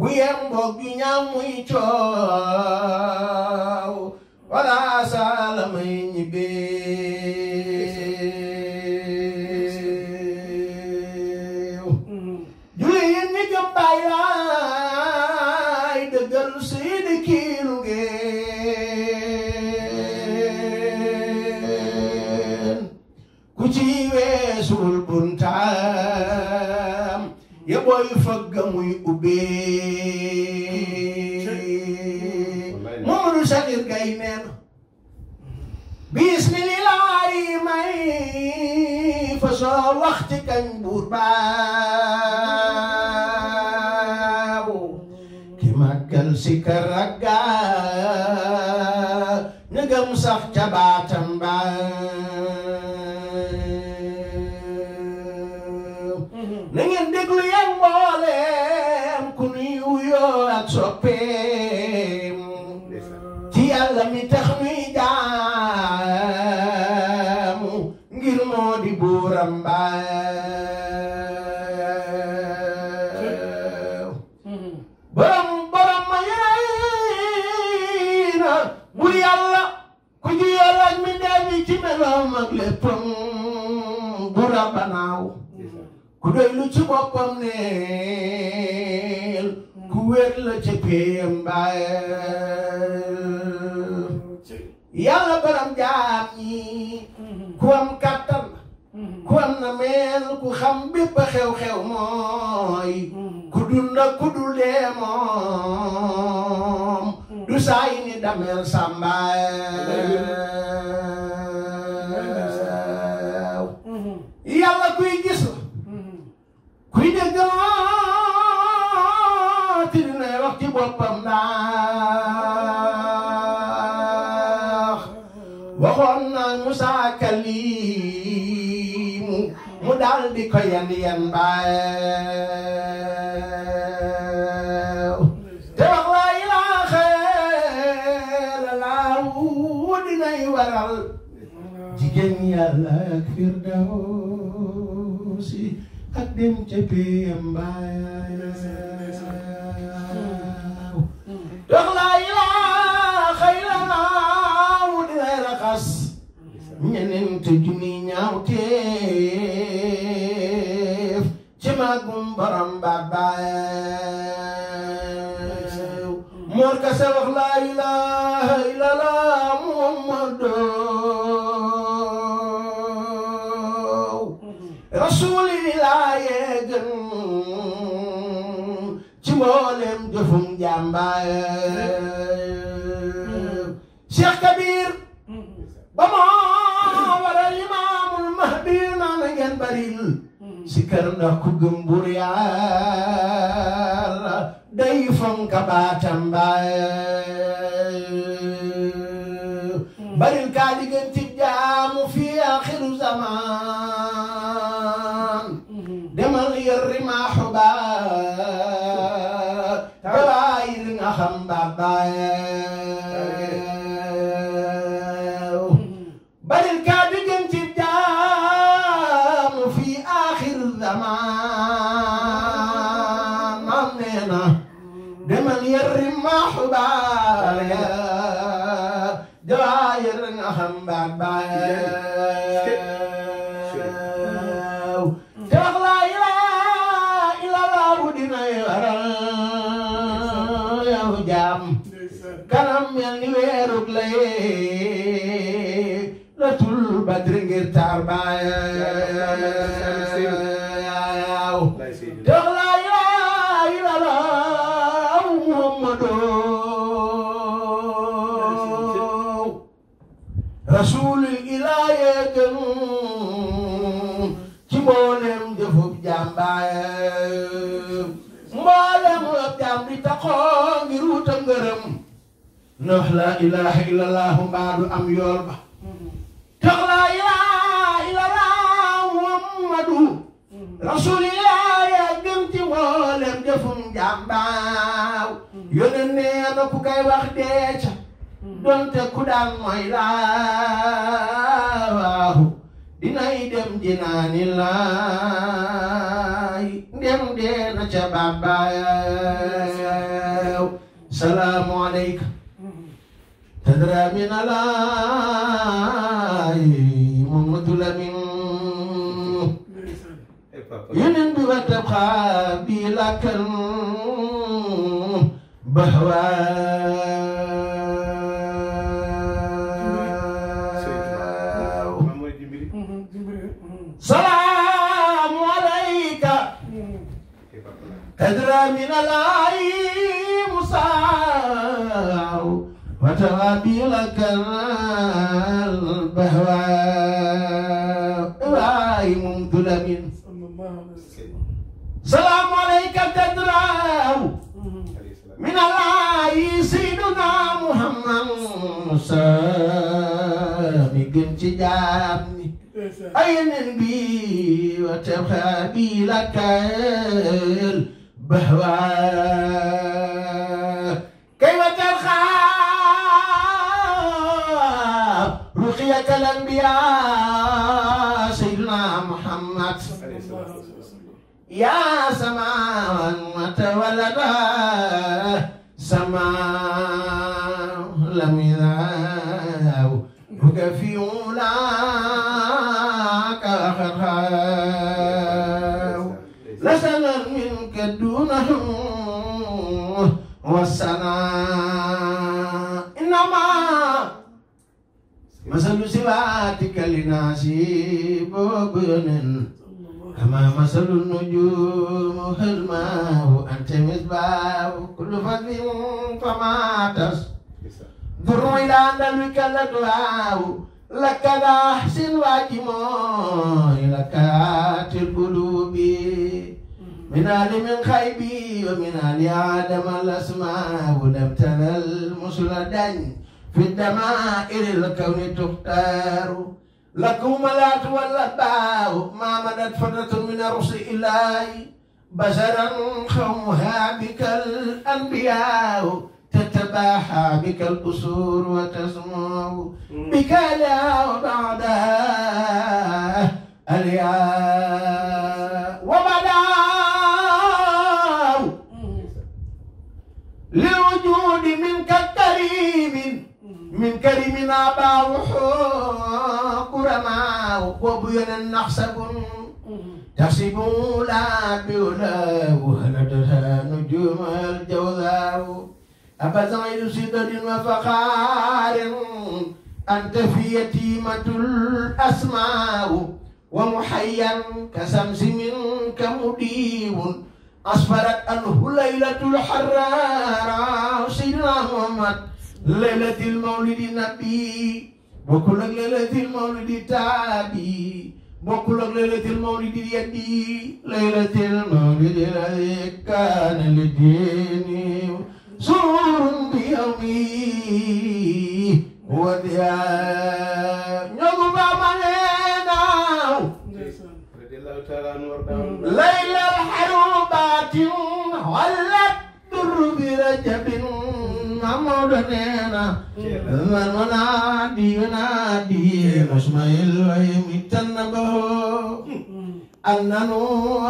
bu yem boog ju ñaam coow wala saala may ñibbeew julli yi ñi gëm baay waay dëggal suy di kiilu ngeen ku ci buntaam ya booy muy ubbee soo wax ci buur baabu ki màggal si karaga ñëgam sax ca baatam ba mm-hmm. na ngeen déglu yéen mbooleem ku nuy wuyoo bur yàlla ku ji yàlla mi dee bi ci meloom ak léppam bu rabbanaaw ku doy lu ci boppam ku wér ci péyam mbaayel yàlla baram jaam ku am kàttan ku am na meel ku xam bépp xew-xew mooy ku dund ku dul dee mooy du saa yi ni dameel sàmbaaw yàlla kuy gis la kuy dégg la ti dinay wax ci boppam ndax waxoon naa Musa Kalimu mu daal di ko yan yan baay yow dinay waral jigéen yàlla ak firdawsi ak dem ca piyam mbaayaaw dox laa ilaa xayralaaw dinay raxas ñeneen te junni ñaaw teef ci magum borom ba baaw moor ka jëfum jàmbaay eh. Cheikh Kabir ba moo waral imaamul mahdi naa na ngeen baril si ku gëm buur yàlla day eh. baril kaa diggante jaamu fi axiru zaman tam babaaw baril kaa di gën ci fi aaxir zamaan maam nee na demal maaxu baaya jawaayir nga xam babaaw kanam kanam mel ni weerug lay ratul badri ngir taar baayaaw dox laa ilaa ilaa muhammadu rasulul ilaa yee gënu ilaha illallahu mbaadu am yool ba tax laa ilaha illallah muhammadu rasulillah ya gën ci mboolem defum jàmbaaw yónent nee na ku koy wax dee ca donte ku daan mooy laahu dinay dem jinaani laay ndem dee na ca bàmbaaw salaamu aleyka تدرى من لاي محمد لمن ينن بتبقى بلا كن بهوان salaam alayka. Adra min Allah توابيل كالبهواء إبراهيم ظلم سلام عليك تدراه من الله سيدنا محمد سامي قمت جامي أين بي وتبخى بي لك البهواء كيف تبخى ولي كالانبياء سيدنا محمد يا سماء وتولدا سماء لم يذهب في أولاك آخرها لسنا منك دونه والسلام masalu siwaatika linaasi boobu yonen kama masalu nujuum hal maahu anta misbaahu kullu fadlin fama tas duru ilaa dalwika ladwaahu laka daa ahsin waajimooy lakaatil quluubi من عالم الغيب ومن آل آدم الأسماء لم تنل مسلدا في دمائر الكون تختار لكم لا تولى باو ما مدت فترة من الرسل إلهي بشرا قومها بك الأنبياء تتباحى بك الأسور وتسمع بك لا بعدها الياء naa baawu kuramaaw boobu yonen nax sabun tasibu laa biwlaaw hanadata nujumal jawlaaw abadan idu sidadin wa faqaarin anta fi yatimatul asmaaw wa muhayyan ka samsi min ka mudiibun asfarat anhu laylatul harara sayyidina muhammad laylatil mawlidi nabi bokkul ak laylatil mawlidi taabi bokkul ak laylatil mawlidi yeddi laylatil mawlidi ladi kaana li diini suurum bi yawmi wa diyaa ñogu baama leenaaw laylal xarubaatin wallat dur bi rajabin Mamadou nee na man ma naa di naa di Ismaïl way mi tànn ba hoo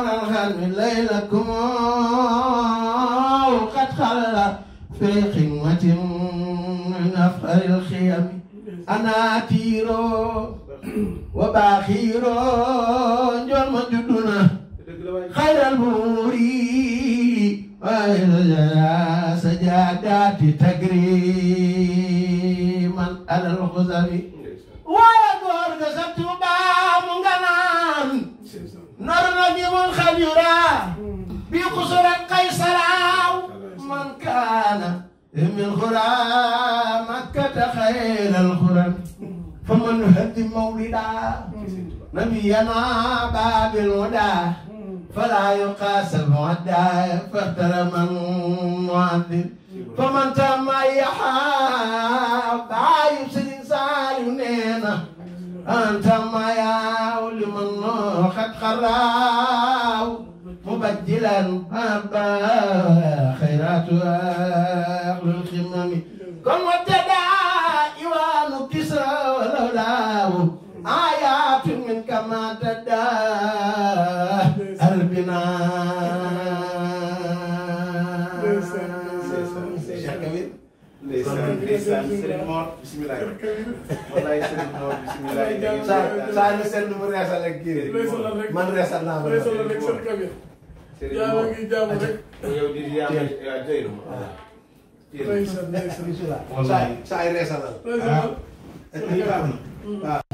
am fi xidmatin min afxaril xiyami ana tiiroo wa baaxiiroo njool ma judduna xayral buuri waaye la سجادات تقريما على الخزري ويا دور قصبت بام غنان نرنا بمن خبيرا بقصر قيصر من كان من خرى مكة خير الخرى فمن هدي مولدا نبينا باب الهدى فلا يقاسم عدا فاختر من معذب فمن تم يحاب عايب سنين سالم نينا أنت ما يا لمن قد خراه مبدلا أبا خيرات أهل الخمم كم وتدا إيوان كسرى ولولاه آيات من كما تدا naan Serigne Mor bisimilah. wallaay Serigne Mor bisimilah. saa saa ñu seetlu mu reesal ak kii rek. man reesal naa ko. reesal rek seen kabir. Serigne Mor ngi jaamu rek. yow di yaa ma doy na ma. Ah. reesal reesal saa saa reesal. reesal ah. waaw. Ah.